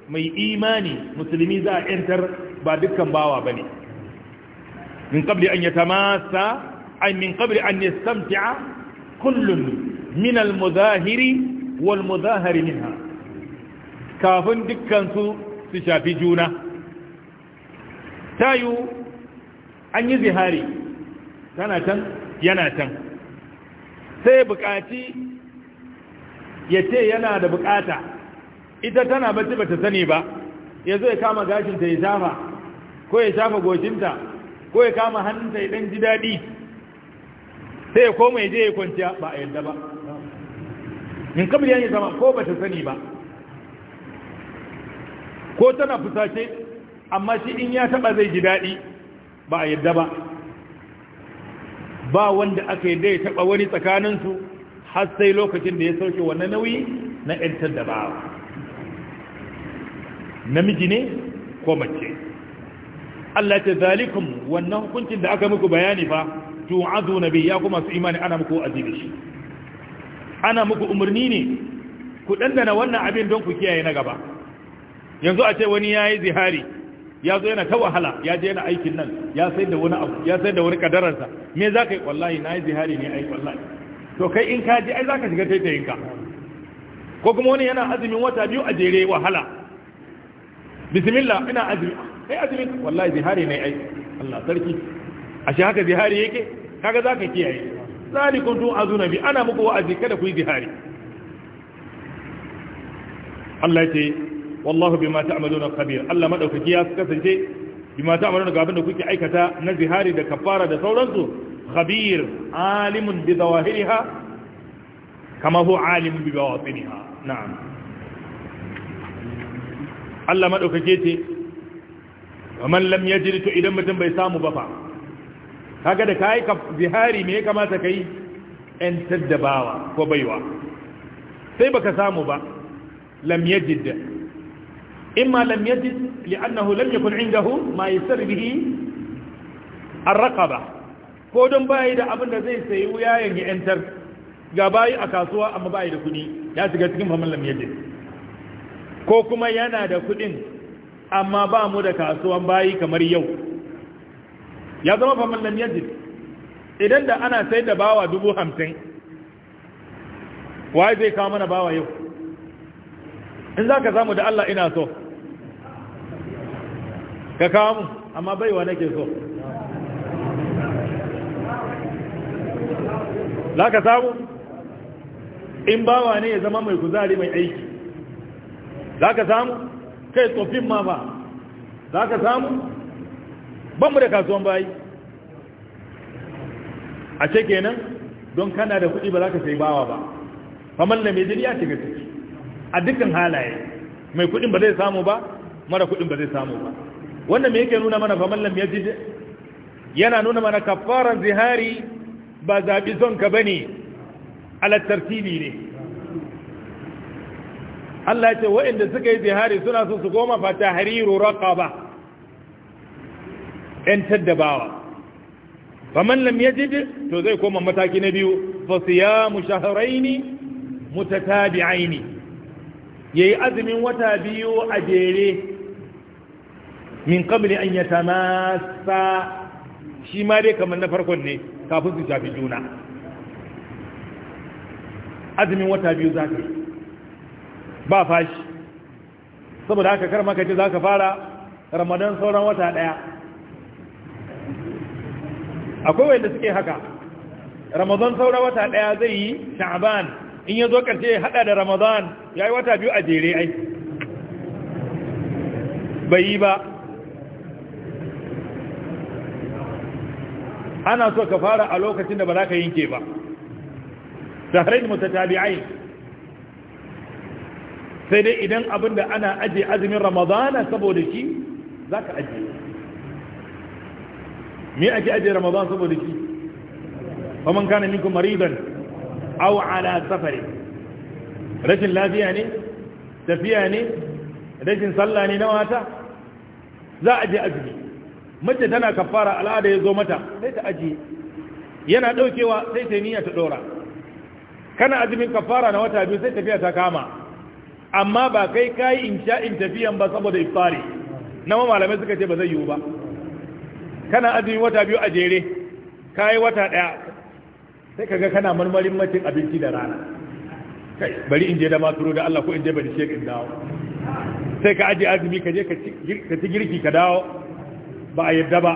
S1: mai imani musulmi za a yantar ba dukkan bawa bane min qabli an yatamassa ay min qabli an yastamti'a kullun min al-mudahiri wal mudahari minha kafin dukkan su su shafi juna tayu an yi zihari tana can yana can sai bukaci ya ce yana da bukata ita tana ba ta sani ba ya zo ya kama gashinta ya shafa ko ya shafa goshinta ko ya kama hannunta ya dan ji daɗi sai ya koma ya ya kwanciya ba a yadda ba in kabri yayin zama ko ba ta sani ba ko tana fusace amma shi in ya taba zai ji daɗi ba a yadda ba ba wanda aka yadda ya taba wani tsakaninsu har sai lokacin da ya sauke wannan nauyi na 'yantar da ba namiji ne ko mace Allah ta zalikun wannan hukuncin da aka muku bayani fa tu'adu kuma masu imani ana muku azibi shi ana muku umarni ne ku dandana wannan abin don ku kiyaye na gaba yanzu a ce wani yayi zihari ya zo yana ta wahala ya je yana aikin nan ya sai da wani abu ya sai da wani kadararsa me za ka yi wallahi na yi zihari ne ai wallahi to kai in ka ji ai za ka shiga ka ko kuma wani yana azumin wata biyu a jere wahala bismillah ina azumi ai azumi wallahi zihari ne ai Allah sarki ashe haka zihari yake kaga za ka kiyaye zalikun tun azuna bi ana muku wa'azi kada ku yi zihari Allah ce wallahu bi bima ta'maluna Kabir, Allah madaukaki ya kasance bi bima ta'maluna ga abin da kuke aikata na zihari da kafara da sauransu khabir alimun bi zawahiriha kama huwa alimun bi bawatiniha na'am Allah madaukake ce wa man lam yajid to idan mutum bai samu ba fa kaga da kai ka bihari me ya kamata kai en tadabawa ko baiwa sai baka samu ba lam yajid imma lam yajid li'annahu lam yakun indahu ma yasir bihi ar-raqaba ko don bai da abin da zai sayi wuya ya entar ga bayi a kasuwa amma bai da kudi ya shiga cikin faman lam yajid ko kuma yana da kudin amma ba mu da kasuwan bayi kamar yau ya zama fa man lam yajid idan da ana sai da bawa dubu hamsin wai zai kawo mana bawa yau in za ka samu da Allah ina so ka kawo mu amma baiwa nake so za ka samu in bawa ne ya zama mai kuzari mai aiki za ka samu kai tsofin ma ba za ka samu ban mu da kasuwan bayi a ce kenan don kana da kuɗi ba za ka sai bawa ba faman da mai jini ya shiga ciki a dukkan halaye mai kuɗin ba zai samu ba mara kuɗin ba zai samu ba wannan me yake nuna mana faman lam yajid yana nuna mana kafaran zihari ba zaɓi zon ka ne. ala tartibi ne Allah ya ce wa'inda suka yi zihari suna so su goma fata hariru ba. 'yantar da
S3: bawa
S1: man lam yajid to zai koma mataki na biyu fa siyamu shahrayn Ya yayi azumin wata biyu a jere min qabli an yatamassa shi ma dai kamar na farkon ne kafin su shafi juna azumin wata biyu zaka yi ba fashi saboda haka kar maka ce zaka fara ramadan sauran wata daya akwai wanda suke haka ramadan saura wata daya zai yi sha'ban in ya zo karshe hada da ramadan ya yi wata biyu a jere ai bai yi ba ana so ka fara a lokacin da ba za ka yinke ba saharin tabi'ai. sai dai idan abinda ana aje azumin ramadana saboda shi za ka ajiye me ake aje ramadan saboda shi fa man kana minkum maridan aw ala safari rashin lafiya ne tafiya ne rashin sallah ne na wata za a je azumi mace tana kafara al'ada ya zo mata sai ta ajiye yana daukewa sai ta niyya ta dora kana azumin kafara na wata biyu sai tafiya ta kama amma ba kai kayi in tafiyan ba saboda iftari na malamai suka ce ba zai yiwu ba kana azumi wata biyu a jere ka yi wata ɗaya sai ka ga kana marmarin macin abinci da rana kai bari in je da maturo da Allah ko in je bari shek in dawo sai ka aje azumi ka je ka ci girki ka dawo ba a yadda ba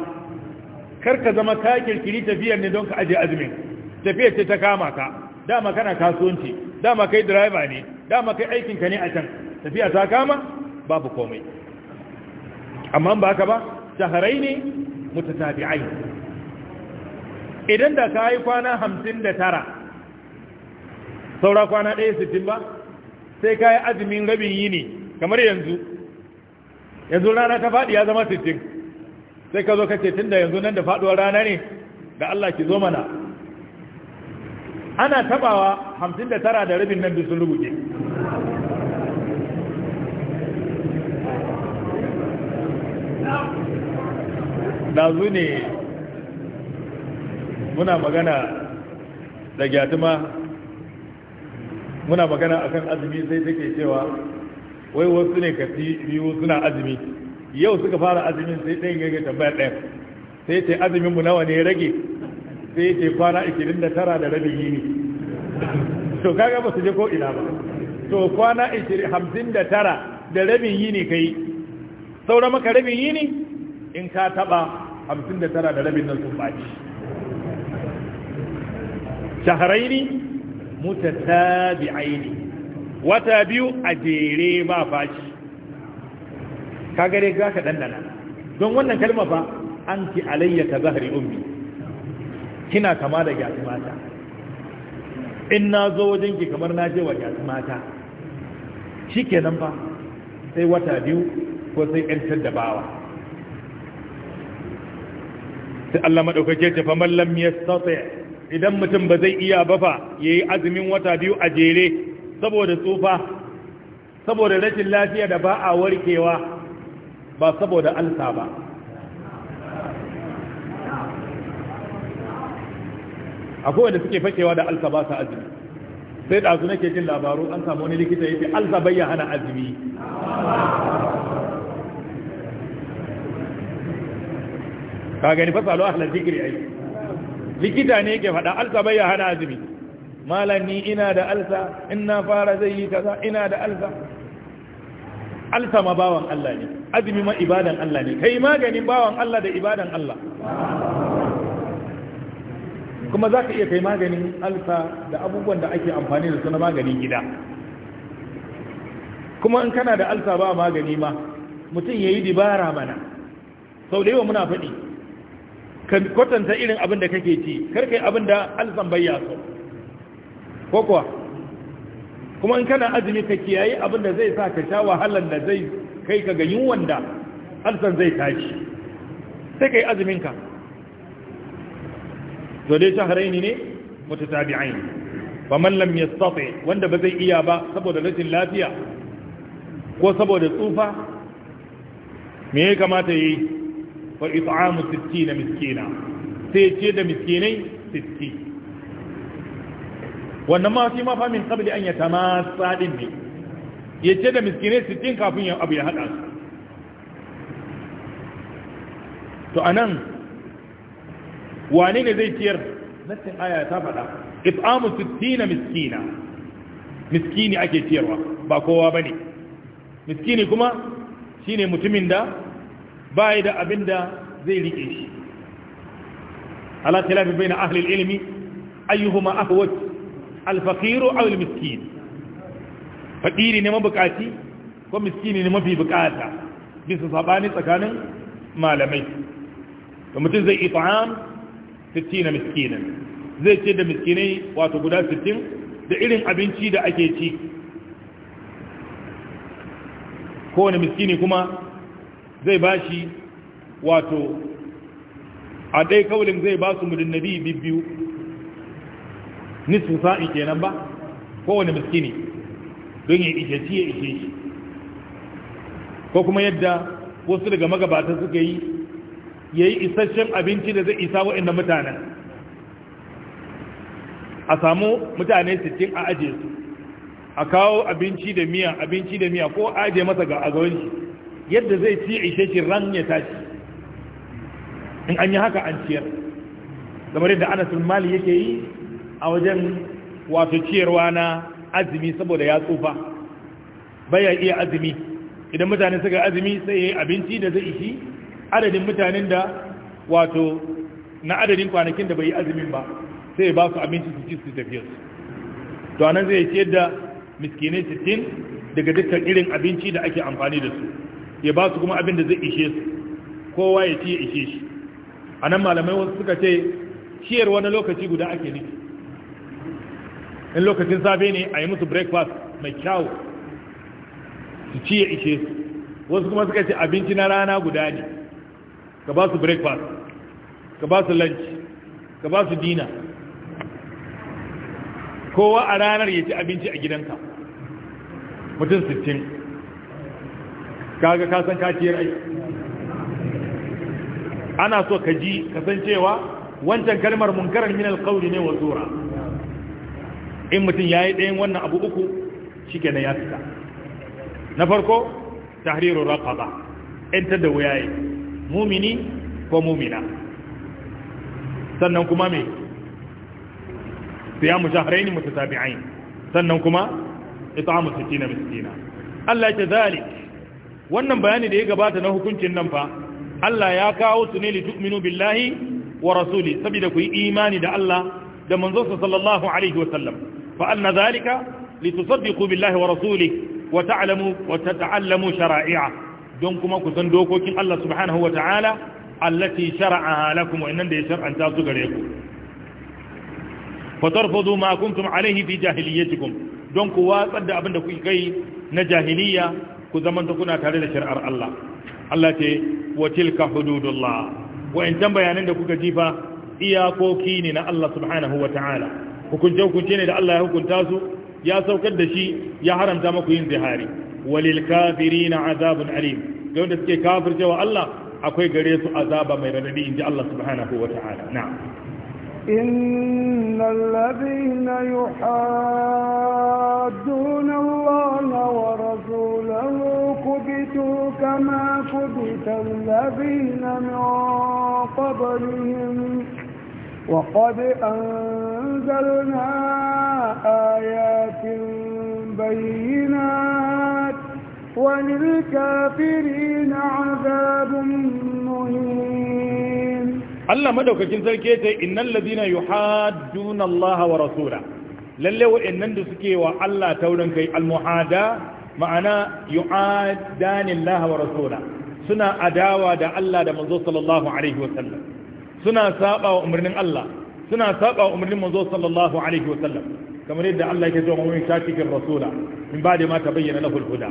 S1: kar ka zama ka kirkiri tafiyar ne don ka aje azumin tafiyar ce ta kama ka dama kana kasuwanci dama kai driver ne dama kai aikin ka ne a can tafiya ta kama babu komai amma ba haka ba shaharai ne mutatabi'ai idan da ka yi kwana hamsin da tara saura kwana ɗaya sittin ba sai ka yi azumin rabin yini kamar yanzu yanzu rana ta faɗi ya zama sittin sai ka zo ka ce tun da yanzu nan da faɗuwar rana ne da Allah ki zo mana ana tabawa hamsin da tara da rabin nan sun rubuce dazu ne muna magana da gyatuma muna magana kan azumi sai take cewa wai wasu ne ka biyu suna azumi yau suka fara azumin sai ɗayan yake tambaya ɗaya sai ce azuminmu nawa ne rage sai ce kwana 29 da rabin yini to kaga ba su je ko ina ba to kwana 59 da rabin yini yi, saura maka rabin yini in ka taba hamsin da tara da rabin nan sun baci shaharaini ne. wata biyu a jere ba faci ka gare za ka dandana don wannan kalma ba an ki alayya ta zahari ummi kina kama da gyasi mata in na zo wajenki kamar na je wa gyasi mata shi nan ba sai wata biyu ko sai 'yan da sai Allah madaukake ce fa mallam lam yastati idan mutum ba zai iya ba fa yayi azumin wata biyu a jere saboda tsufa saboda rashin lafiya da ba a warkewa ba saboda alsa ba akwai wanda suke fakewa da alsa ba sa azumi sai da azu nake jin labaru an samu wani likita yace alsa bayyana hana azumi ka gani fasalu ahlar zikri ai likita ne yake faɗa alsa bai ya hana azumi malam ina da alsa ina fara zai yi kaza ina da alsa alsa ma bawan Allah ne azumi ma ibadan Allah ne kai maganin bawan Allah da ibadan Allah kuma za ka iya kai maganin alsa da abubuwan da ake amfani da su na maganin gida kuma in kana da alsa ba magani ma mutum ya yi dibara mana sau da yawa muna faɗi ka kwatanta irin abin da kake ci kar kai abin da alzan bayya so ko kuwa kuma in kana azumi ka kiyaye abin da zai sa ka sha wahalar da zai kai ka ga yunwan da alzan zai tashi sai kai azumin ka to dai haraini ne mutatabi'ain Mallam lam yastati wanda ba zai iya ba saboda rashin lafiya ko saboda tsufa me ya kamata yi fa it'amu 60 miskina sai ce da miskinai 60 wannan ma shi ma min qabli an yatamassa din ne yace da miskinai 60 kafin ya abu ya hada su to anan wane ne zai ciyar nassin aya ta faɗa it'amu 60 miskina miskini ake ciyarwa ba kowa bane miskini kuma shine mutumin da ba da abin da zai riƙe shi ala tilafi bai na ahalil ilimi ayyuhuma alfakiru alfaqiru aw almiskin fadiri ne mabukaci ko miskini ne mafi bukata bisa sabani tsakanin malamai da mutum zai it'am 60 miskinan zai ce da miskinai wato guda 60 da irin abinci da ake ci kowane miskini kuma zai bashi wato a dai kaulin zai ba su mudin nabi bibbiyu nisu sa'i kenan ba kowane miskini don ya ishe ci ya ishe shi ko kuma yadda wasu daga magabata suka yi ya yi isasshen abinci da zai isa waɗanda mutanen a samu mutane sittin a ajiye su a kawo abinci da miya abinci da miya ko aje masa ga agawar shi yadda zai ci ishe shi ran ya tashi in an yi haka an ciyar kamar yadda anas mali yake yi a wajen wato ciyarwa na azumi saboda ya tsufa baya iya azumi idan mutane suka azumi sai ya yi abinci da zai ishi adadin mutanen da wato na adadin kwanakin da bai yi azumin ba sai ya ba su abinci su ci su su to anan zai ciyar da miskinai 60 daga dukkan irin abinci da ake amfani da su ya ba su kuma abin da zai ishe su kowa ya ci ya ishe shi a nan malamai wasu suka ce ciyar wani lokaci guda ake nufi in lokacin safe ne a yi musu breakfast mai kyau su ci ya ishe su wasu kuma suka ce abinci na rana guda ne ka ba su breakfast ka ba su lunch ka ba su dina kowa a ranar ya ci abinci a gidanka mutum sittin. kaga ka san kaciyar ai ana so ka ji ka san cewa wancan kalmar munkarar min alqawli ne wa zura in mutum yayi ɗayan wannan abu uku shikenan ya fita na farko tahriru raqaba enta da wayaye mumini ko mumina sannan kuma me siyamu shahrayn mutatabi'ain sannan kuma it'amu 60 miskina Allah ya zalika wannan bayani da ya gabata na hukuncin nan fa Allah ya kawo su ne li tu'minu billahi wa rasuli saboda ku yi imani da Allah da manzonsa sallallahu alaihi wa sallam fa anna zalika li tusaddiqu billahi wa rasuli wa ta'lamu wa tata'allamu shara'i'a don kuma ku san dokokin Allah subhanahu wa ta'ala allati shara'aha lakum wa innan da ya su gare ku fa tarfudu ma kuntum alaihi fi jahiliyatikum don ku watsar da abin da kuke kai na jahiliya ku zamanta kuna tare da shari'ar Allah Allah ce wa tilka hududullah wa'ancan bayanan da kuka jifa iyakoki ne na Allah subhanahu wa hukunce hukunce ne da Allah ya hukunta su ya saukar da shi ya haramta maku yin zihari walil kafirina azabun alim ga wanda suke wa Allah akwai gare su azaba mai radadi inji Allah subhanahu wa na'am
S2: إن الذين يحادون الله ورسوله كبتوا كما كبت الذين من قبلهم وقد أنزلنا آيات بينات وللكافرين عذاب مهين
S1: Allah madaukakin sarki ya ce innal ladina yuhadduna Allah wa rasula lalle wa'annan da suke wa Allah taurin kai almuhada ma'ana yu'adani Allah wa rasula suna adawa da Allah da manzo sallallahu alaihi wa sallam suna saba wa umarnin Allah suna saba wa umarnin manzo sallallahu alaihi wa sallam kamar yadda Allah yake cewa mun shakikin rasula in ba da ma ta bayyana lahul huda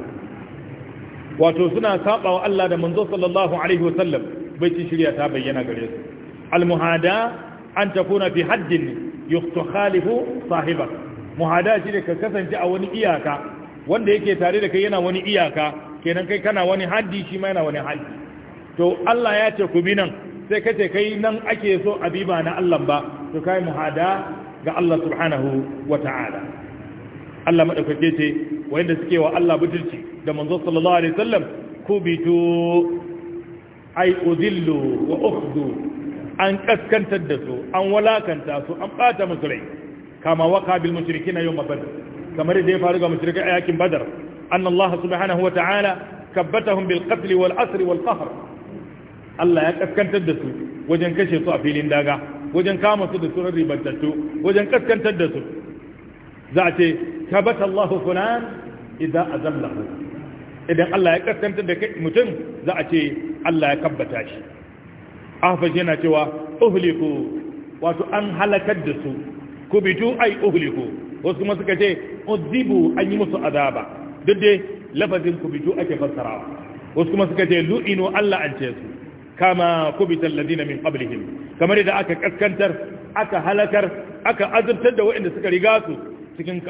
S1: wato suna saba wa Allah da manzo sallallahu alaihi wa sallam bai ci shirya ta bayyana gare su almuhada an takuna fi haddin yukhtalifu sahiba muhada shi ne ka kasance a wani iyaka wanda yake tare da kai yana wani iyaka kenan kai kana wani haddi shi ma yana wani haddi to Allah ya ce ku bi nan sai kace kai nan ake so abiba na Allah ba to kai muhada ga Allah subhanahu wata'ala Allah madaukake ce wanda suke wa Allah butulci da manzo sallallahu alaihi wasallam kubitu ai udillu wa ukhdu an kaskantar da su an walakanta su an ɓata musu rai kama waka bil na yawm badr kamar da ya faru ga mushrikai a yakin badar anna Allah subhanahu wa ta'ala kabbatahum bil qatl wal asr wal qahr Allah ya kaskantar da su wajen kashe su a filin daga wajen kama su da su ribantattu wajen kaskantar da su za a ce kabata Allah fulan idan azallahu idan Allah ya kaskantar da mutum za a ce Allah ya kabbata shi ahfash yana cewa uhliku wato an halakar da su kubitu ai uhliku wasu kuma suka ce uzibu an yi musu azaba duk dai lafazin kubitu ake fassarawa wasu kuma suka ce lu'inu Allah an ce su kama kubitan ladina min qablihim kamar da aka kaskantar aka halakar aka azurtar da waɗanda suka riga su cikin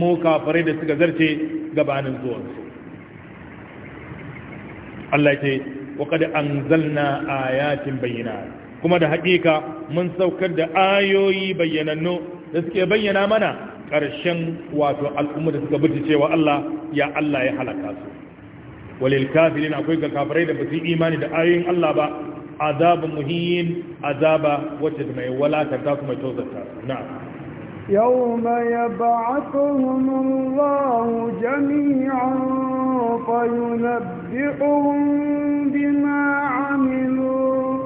S1: mu kafare da suka zarce gabanin su Allah ya ce wa qad a yakin bayyana kuma da hakika mun saukar da ayoyi bayyananno da suke bayyana mana ƙarshen wato al'umma da suka bi cewa Allah ya Allah ya halaka su walil kafirin akwai ga kafirai da basu yi imani da ayoyin Allah ba azabun muhin azaba wacce mai walakar ta kuma tozarta na'am
S2: يوم يبعثهم الله جميعا فينبئهم بما عملوا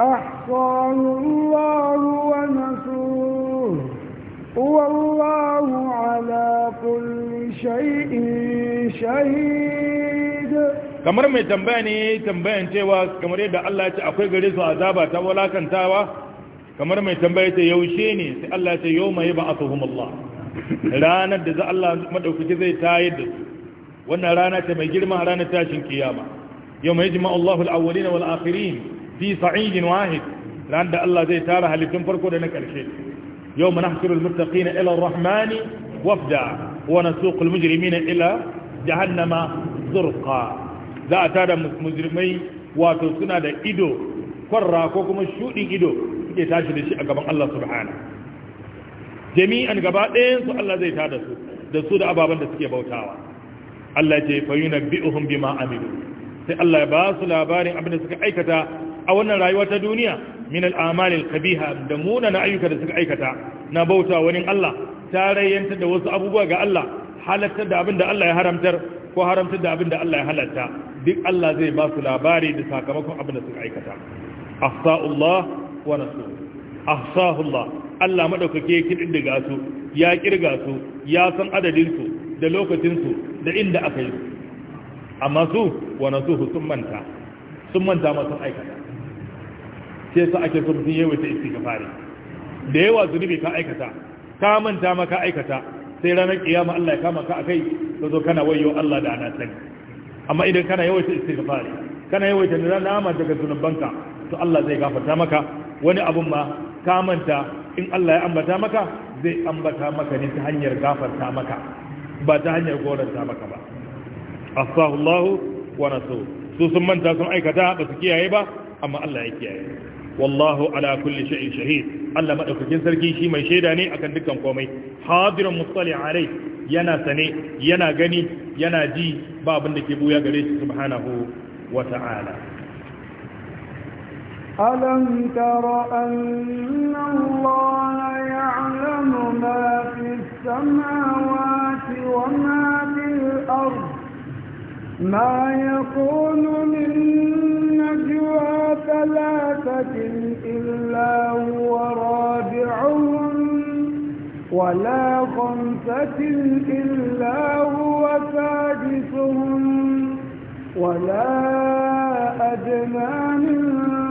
S2: أحصاه الله ونسوه والله على كل شيء شهيد
S1: kamar mai tambaya ne tambayan cewa kamar yadda Allah ya ce akwai gare su azaba ta walakantawa kamar mai tambaya ta yaushe ne sai Allah ya ce yau mai ba a Allah ranar da za Allah madaukaki zai tayar da su wannan rana ce mai girma ranar tashin kiyama yau mai jima Allahu al-awwalin wal akhirin fi sa'idin wahid ran da Allah zai tara halittun farko da na karshe yau manahsuru al ila ar-rahmani wafda wa nasuqu mujrimina ila jahannama zurqa za a tara mujrimai wato suna da ido kwarra ko kuma shudin ido suke tashi da shi a gaban Allah subhana jami'an gaba ɗayan su Allah zai tada su da su da ababen da suke bautawa Allah ce fa yunabbi'uhum bima amilu sai Allah ya ba su labarin abin da suka aikata a wannan rayuwa ta duniya min al'amali al da muna na ayyuka da suka aikata na bauta wani Allah tarayyanta da wasu abubuwa ga Allah halartar da abin da Allah ya haramtar ko haramtar da abin da Allah ya halatta duk Allah zai ba su labari da sakamakon abin da suka aikata ahsa'ullah wa rasul ahsa'ullah Allah madaukake ya kididdiga su ya kirga su ya san adadin su da lokacin su da inda aka yi amma su wane suhu sun manta sun manta masu aikata sai sa ake sun sun yawaita istighfari da yawa zunubi ka aikata ka manta maka aikata sai ranar kiyama Allah ya kama ka akai ka zo kana wayo Allah da ana sani amma idan kana yawaita istighfari kana yawaita nama daga zunubanka to Allah zai gafarta maka wani abun ma ka manta in Allah ya ambata maka zai ambata maka ne ta hanyar gafarta maka ba ta hanyar goranta maka ba asahullahu wa nasu su sun manta sun aikata ba su kiyaye ba amma Allah ya kiyaye wallahu ala kulli shay'in shahid Allah madaukakin sarki shi mai shaida ne akan dukkan komai hadirun mustali alai yana sane yana gani yana ji ba abin da ke buya gare shi subhanahu wa ta'ala
S2: ألم تر أن الله يعلم ما في السماوات وما في الأرض ما يكون من نجوى ثلاثة إلا هو رابعهم ولا خمسة إلا هو سادسهم ولا أدنى من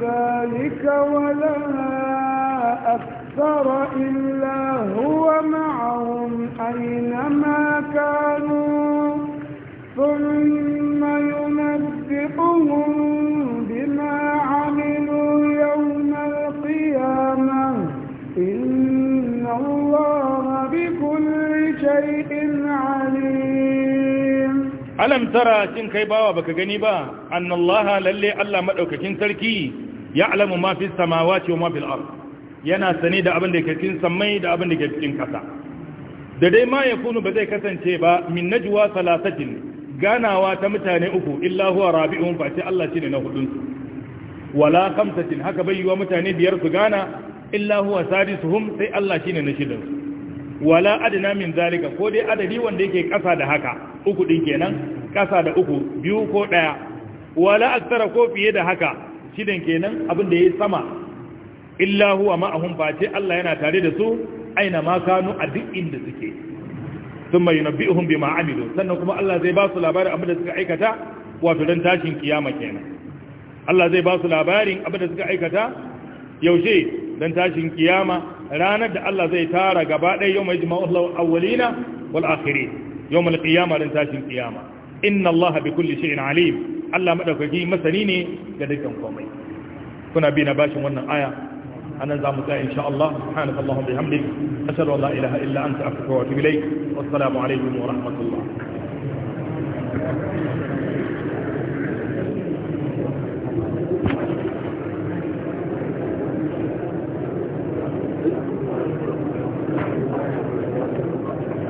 S2: ذلك ولا أكثر إلا هو معهم أينما كانوا ثم ينبئهم بما عملوا يوم القيامة إن الله بكل شيء عليم
S1: ألم ترى شن بابك وبكغني أن الله للي ألا مدوككين سلكي ya'lamu ma fi samawati wa ma fil yana sane da abin da ke cikin samai da abin da ke cikin kasa da dai ma ya kunu ba zai kasance ba min najwa salasatin ganawa ta mutane uku illa huwa rabi'un fa sai Allah shine na hudun wala khamsatin haka bai yiwa mutane biyar su gana illa huwa sadisuhum sai Allah shine na shidan wala adna min zalika ko dai adadi wanda yake kasa da haka uku din kenan kasa da uku biyu ko ɗaya? wala aksara ko fiye da haka shidan kenan abin da ya yi sama illa huwa ma'ahum face Allah yana tare da su aina ma kanu a duk inda suke sun mai yunabbi'uhum bima amilu sannan kuma Allah zai ba su labarin abin da suka aikata wato dan tashin kiyama kenan Allah zai ba su labarin abin da suka aikata yaushe dan tashin kiyama ranar da Allah zai tara gaba ɗaya yau mai jima'ullahu awalina wal akhiri yau mai kiyama don tashin kiyama inna Allah bi kulli shay'in alim Allah maɗaukaki masani ne ga dukkan komai kuna bi na bashin wannan aya anan za mu tsaya insha Allah subhanaka allahumma bihamdik ashhadu an la ilaha illa anta astaghfiruka wa atubu ilaik wassalamu alaikum wa rahmatullah